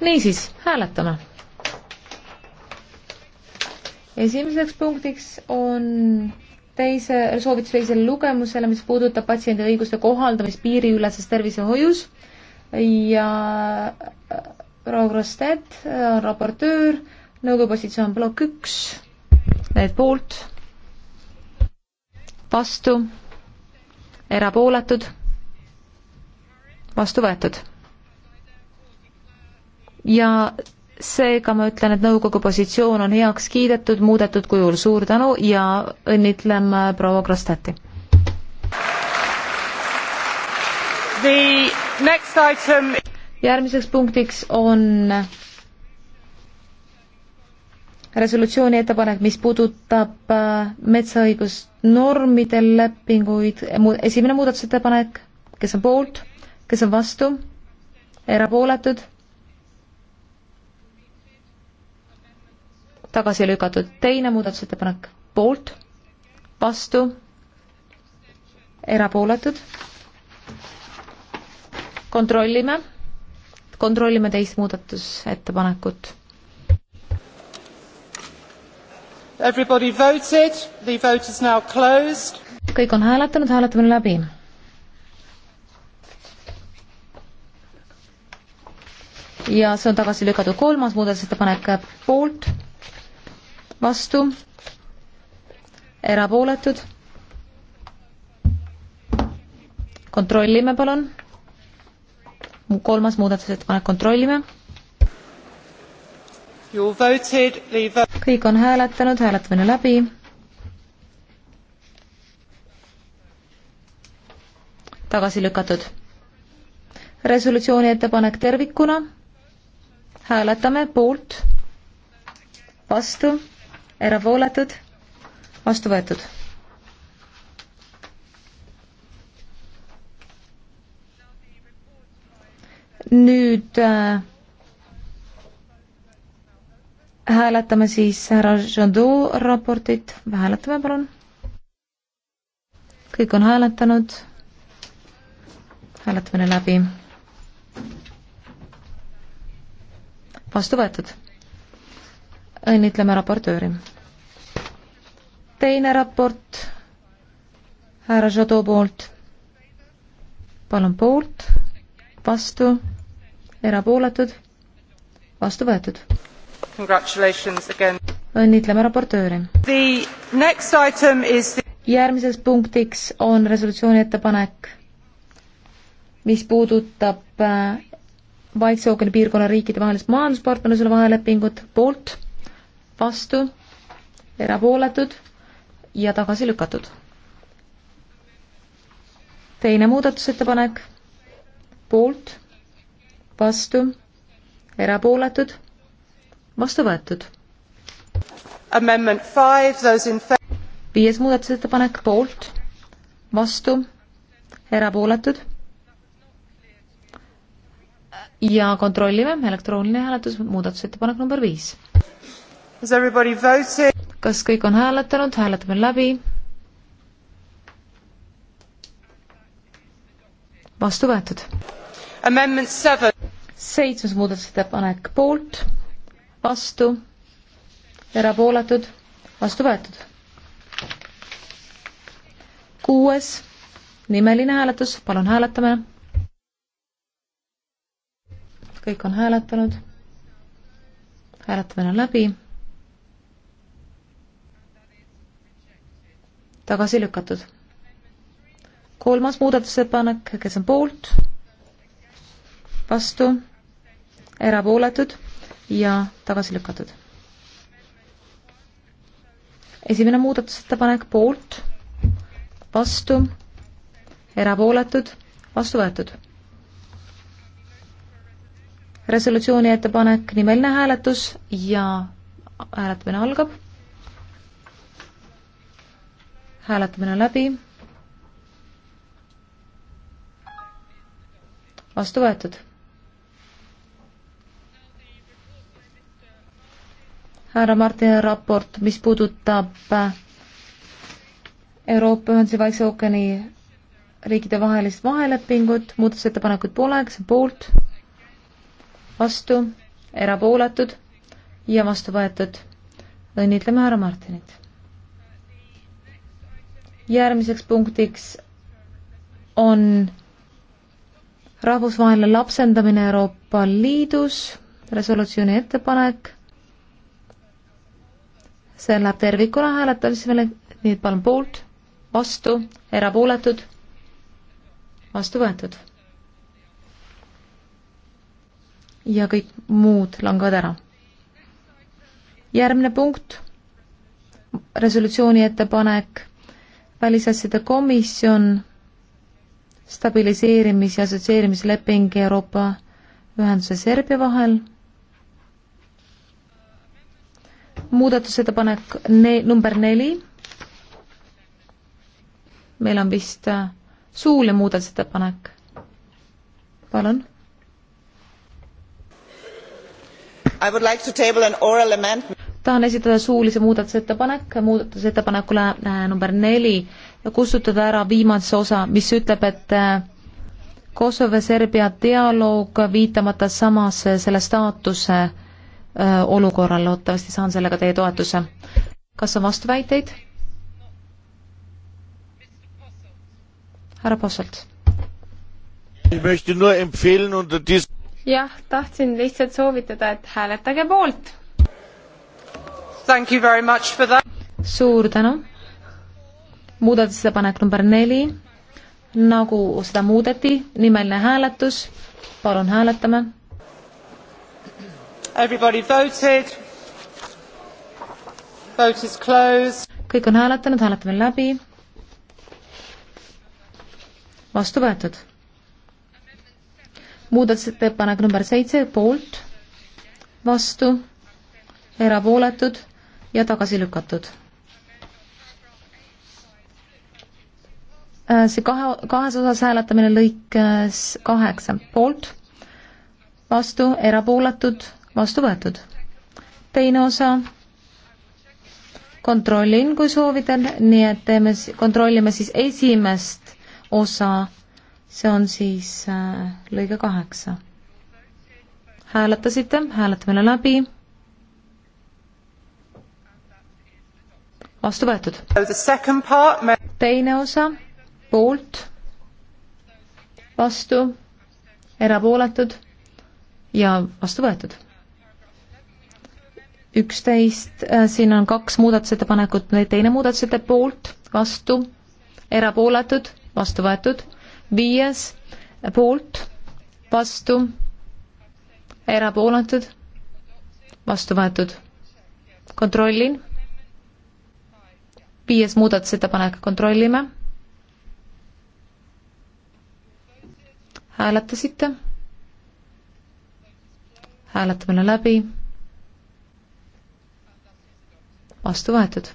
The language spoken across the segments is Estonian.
niisiis, hääletame. esimeseks punktiks on teise, soovitus teisele lugemusele, mis puudutab patsiendi õiguste kohaldamist piiriüleses tervishoius ja äh, proua Grostet äh, on raportöör, nõukogu positsioon plokk üks, need poolt, vastu erapooletud, vastu võetud. ja seega ma ütlen, et nõukogu positsioon on heaks kiidetud muudetud kujul, suur tänu ja õnnitlen proua Krastati. järgmiseks punktiks on resolutsiooni ettepanek, mis puudutab äh, metsaõigusnormide lepinguid, esimene muudatusettepanek, kes on poolt, kes on vastu, erapooletud, tagasi lükatud, teine muudatusettepanek poolt, vastu, erapooletud, kontrollime, kontrollime teist muudatusettepanekut Everybody voted, the vote is now closed. kõik on hääletanud, hääletamine läbi. ja see on tagasi lükatud kolmas muudatusettepanek poolt, vastu, erapooletud. kontrollime palun. kolmas muudatusettepanek, kontrollime kõik on hääletanud, hääletamine läbi. tagasi lükatud. resolutsiooni ettepanek tervikuna. hääletame poolt, vastu, erapooletud, vastu võetud nüüd äh, hääletame siis härra Jadot raportit, hääletame palun. kõik on hääletanud. hääletamine läbi. vastu võetud. õnnitleme raportööri. teine raport härra Jadot poolt. palun poolt, vastu, erapooletud, vastu võetud õnnitleme raportööri. The... järgmises punktiks on resolutsiooni ettepanek, mis puudutab äh, Vaikse ookeani piirkonna riikide vahelist majanduspartnerlusele vahelepingut, poolt, vastu, erapooletud ja tagasi lükatud. teine muudatusettepanek, poolt, vastu, erapooletud vastu võetud. viies muudatusettepanek poolt, vastu, erapooletud. ja kontrollime, elektrooniline hääletus, muudatusettepanek number viis. kas kõik on hääletanud, hääletame läbi. vastu võetud. seitsmes muudatusettepanek poolt vastu, erapooletud, vastu võetud. kuues nimeline hääletus, palun hääletame. kõik on hääletanud. hääletamine on läbi. tagasi lükatud. kolmas muudatusettepanek, kes on poolt, vastu, erapooletud ja tagasi lükatud. esimene muudatusettepanek poolt, vastu, erapooletud, vastu võetud. resolutsiooni ettepanek, nimeline hääletus ja hääletamine algab. hääletamine on läbi. vastu võetud härra Martini raport, mis puudutab äh, Euroopa Ühenduse Vaikse ookeani riikide vahelist vahelepingut, muudatusettepanekuid pole, kes on poolt, vastu, erapooletud ja vastu võetud. õnnitleme härra Martinit. järgmiseks punktiks on rahvusvaheline lapsendamine Euroopa Liidus, resolutsiooni ettepanek see läheb tervikuna hääletamisele, nii et palun poolt, vastu, erapooletud, vastu võetud. ja kõik muud langevad ära. järgmine punkt, resolutsiooni ettepanek, välisasjade komisjon, stabiliseerimis- ja assotsieerimisleping Euroopa Ühenduse Serbia vahel muudatusettepanek ne-, number neli. meil on vist äh, suuline muudatusettepanek. palun. I would like to table an oral amendment tahan esitada suulise muudatusettepanek, muudatusettepanekule äh, number neli ja kustutada ära viimase osa, mis ütleb, et äh, Kosovo-Serbia dialoog viitamata samas äh, selle staatuse Äh, olukorral, loodetavasti saan sellega teie toetuse. kas on vastuväiteid? härra Posselt. jah, tahtsin lihtsalt soovitada, et hääletage poolt. suur tänu. muudatusettepanek number neli, nagu seda muudeti, nimeline hääletus, palun hääletame Everybody voted. Vote is closed. kõik on hääletanud, hääletame läbi. vastu võetud. muudatusettepanek number seitse, poolt, vastu, erapooletud ja tagasi lükatud. Äh, see kahe, kahes osas hääletamine lõikes kaheksa, poolt, vastu, erapooletud vastu võetud. teine osa kontrollin, kui soovite, nii et teeme, kontrollime siis esimest osa, see on siis äh, lõige kaheksa. hääletasite, hääletamine läbi. vastu võetud. teine osa, poolt, vastu, erapooletud ja vastu võetud üksteist, äh, siin on kaks muudatusettepanekut, teine muudatusettepanek poolt, vastu, erapooletud, vastu võetud, viies äh, poolt, vastu, erapooletud, vastu võetud. kontrollin. viies muudatusettepanek, kontrollime. hääletasite? hääletamine läbi vastu võetud.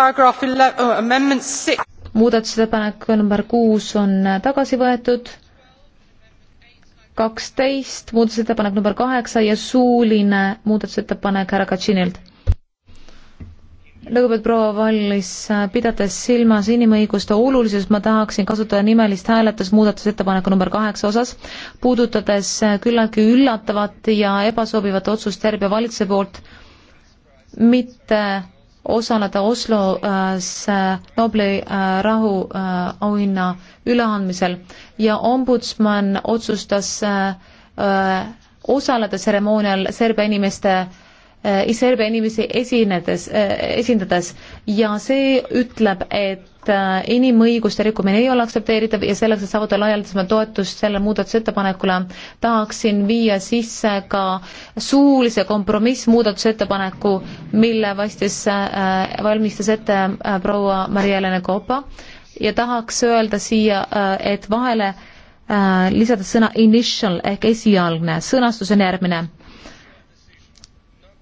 Oh, muudatusettepanek number kuus on tagasi võetud, kaksteist, muudatusettepanek number kaheksa ja suuline muudatusettepanek härra Katsinilt lugupeetud proua Vallis, pidades silmas inimõiguste olulisust, ma tahaksin kasutada nimelist hääletust muudatusettepaneku number kaheksa osas, puudutades küllaltki üllatavat ja ebasobivat otsust Serbia valitsuse poolt mitte osaleda Oslos äh, Nobeli äh, rahuauhinna äh, üleandmisel ja ombudsman otsustas osaleda tseremoonial Serbia inimeste äh, Äh, ise Serbia inimesi esinedes, äh, esindades ja see ütleb, et äh, inimõiguste rikkumine ei ole aktsepteeritav ja selleks, et saavutada laialdasema toetust selle muudatusettepanekule, tahaksin viia sisse ka suulise kompromissmuudatusettepaneku, mille vastis, valmistas ette proua Maria-Helena Kopa ja tahaks öelda siia, et vahele lisada sõna initial ehk esialgne, sõnastus on järgmine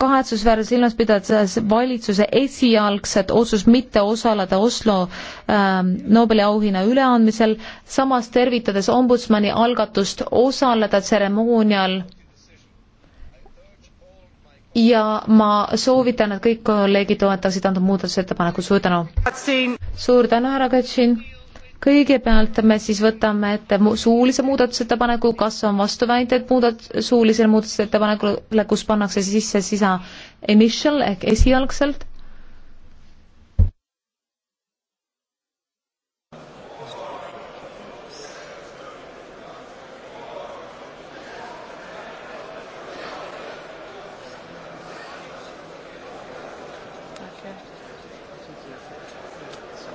kahetsusväärne silmas pidada valitsuse esialgset otsust mitte osaleda Oslo ähm, Nobeli auhinna üleandmisel, samas tervitades ombudsmani algatust osaleda tseremoonial ja ma soovitan, et kõik kolleegid toetaksid antud muudatusettepaneku, suur tänu! suur tänu, härra Katšin! kõigepealt me siis võtame ette suulise muudatusettepaneku, kas on vastuväited muudat-, suulisele muudatusettepanekule, kus pannakse sisse sisa initial ehk esialgselt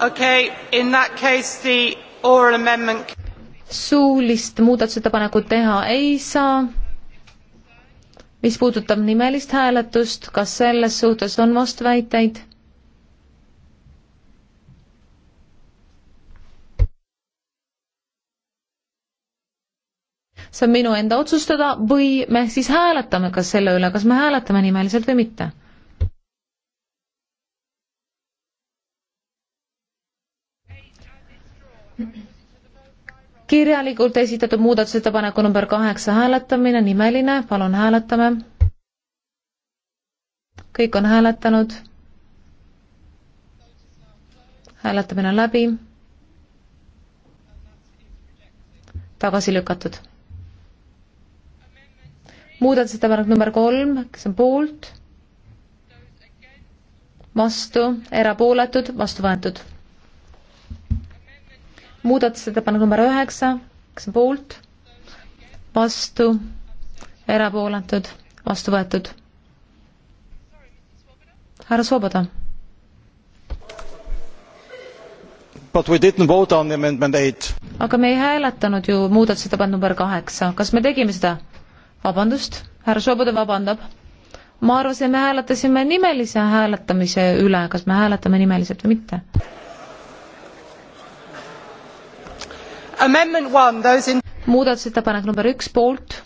okay,. suulist muudatusettepanekut teha ei saa. mis puudutab nimelist hääletust, kas selles suhtes on vastuväiteid? see on minu enda otsustada või me siis hääletame, kas selle üle, kas me hääletame nimeliselt või mitte kirjalikult esitatud muudatusettepaneku number kaheksa hääletamine, nimeline, palun hääletame. kõik on hääletanud. hääletamine on läbi. tagasi lükatud. muudatusettepanek number kolm, kes on poolt? vastu, erapooletud, vastu võetud muudatusettepanek number üheksa, kes on poolt, vastu, erapooletud, vastu võetud. härra Svoboda. aga me ei hääletanud ju muudatusettepanek number kaheksa, kas me tegime seda? vabandust, härra Svoboda vabandab ma arvasin, me hääletasime nimelise hääletamise üle, kas me hääletame nimeliselt või mitte. muudatusettepanek number üks poolt,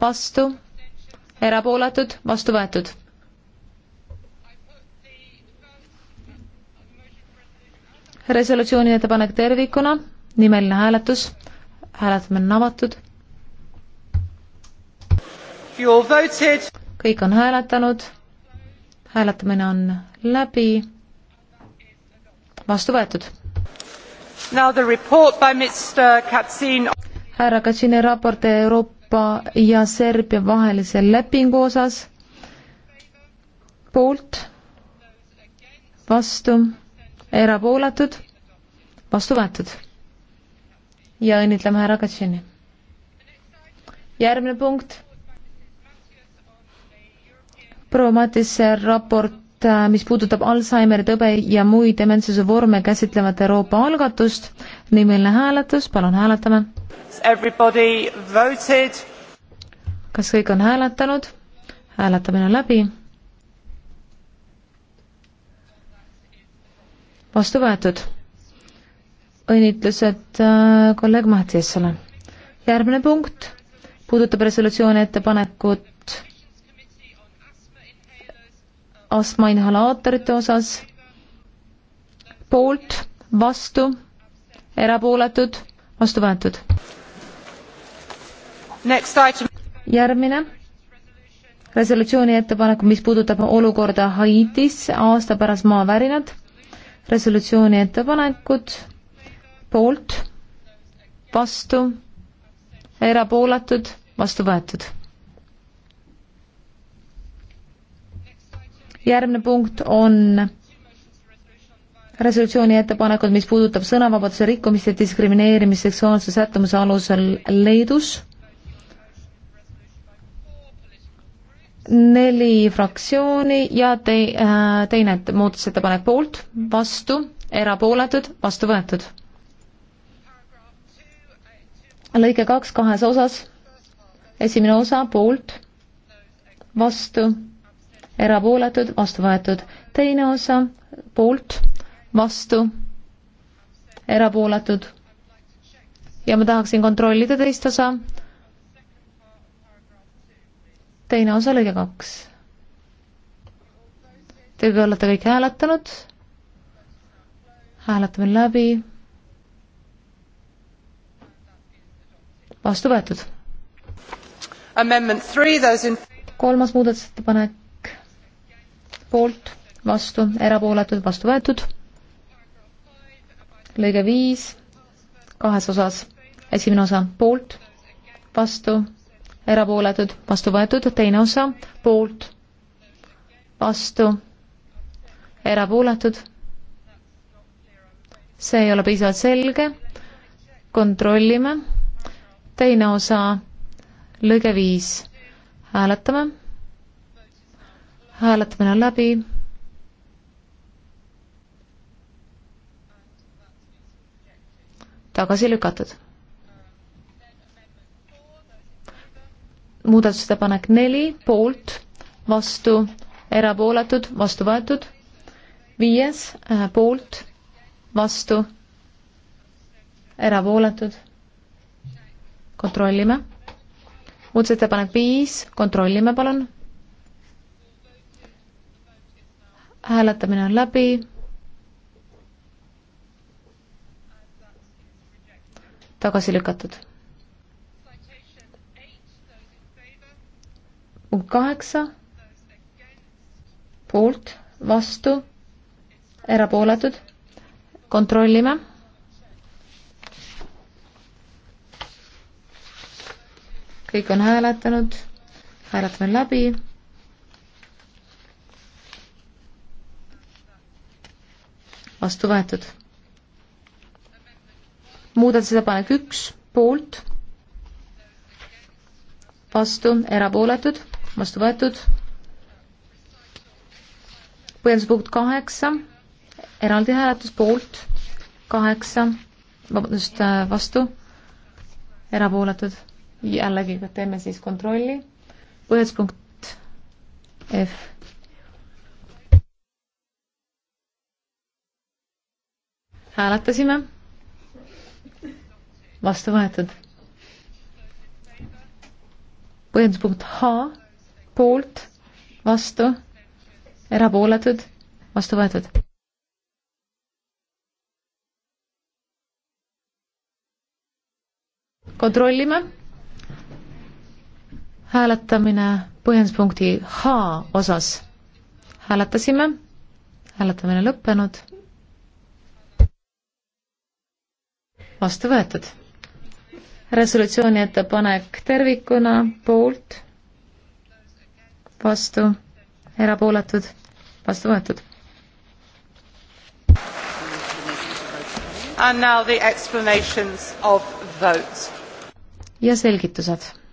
vastu, erapooletud, vastu võetud. resolutsiooni ettepanek tervikuna, nimeline hääletus, hääletamine on avatud. kõik on hääletanud, hääletamine on läbi, vastu võetud härra Katsini raport Euroopa ja Serbia vahelise lepingu osas. poolt, vastu, erapooletud, vastu võetud. ja õnnitleme härra Katsini. järgmine punkt. proua Matisse raport raport, äh, mis puudutab Alžeimeri tõbe ja muid dementsuse vorme käsitlevat Euroopa algatust. nimeline hääletus, palun hääletame. kas kõik on hääletanud? hääletamine on läbi. vastu võetud. õnnitlused äh, kolleeg Mahtsissale. järgmine punkt puudutab resolutsiooni ettepanekut astmainhalaatorite osas poolt, vastu, erapooletud, vastu võetud. järgmine resolutsiooni ettepanek, mis puudutab olukorda Haitis aasta pärast maavärinad. resolutsiooni ettepanekud poolt, vastu, erapooletud, vastu võetud järgmine punkt on resolutsiooni ettepanekud, mis puudutab sõnavabaduse rikkumist ja diskrimineerimist seksuaalse sättumuse alusel Leedus. neli fraktsiooni ja te-, äh, teine muudatusettepanek poolt, vastu, erapooletud, vastu võetud. lõige kaks kahes osas, esimene osa poolt, vastu erapooletud, vastu võetud. teine osa poolt, vastu, erapooletud. ja ma tahaksin kontrollida teist osa. teine osa lõige kaks. Te olete kõik hääletanud. hääletame läbi. vastu võetud. In... kolmas muudatusettepanek poolt, vastu, erapooletud, vastu võetud. lõige viis, kahes osas, esimene osa poolt, vastu, erapooletud, vastu võetud, teine osa poolt, vastu, erapooletud. see ei ole piisavalt selge, kontrollime, teine osa, lõige viis, hääletame hääletamine on läbi. tagasi lükatud. muudatusettepanek neli, poolt, vastu, erapooletud, vastu võetud. viies äh,, poolt, vastu, erapooletud. kontrollime. muudatusettepanek viis, kontrollime palun hääletamine on läbi. tagasi lükatud. punkt kaheksa, poolt, vastu, erapooletud, kontrollime kõik on hääletanud, hääletame läbi vastu võetud. muudatusettepanek üks, poolt, vastu, erapooletud, vastu võetud. põhjenduspunkt kaheksa, eraldi hääletus, poolt, kaheksa, vabandust, äh, vastu, erapooletud. jällegi teeme siis kontrolli. põhjenduspunkt F hääletasime. vastu võetud. põhjenduspunkt H, poolt, vastu, erapooletud, vastu võetud. kontrollime. hääletamine põhjenduspunkti H osas. hääletasime, hääletamine lõppenud vastu võetud. resolutsiooni ettepanek tervikuna poolt, vastu, erapooletud, vastu võetud. ja selgitused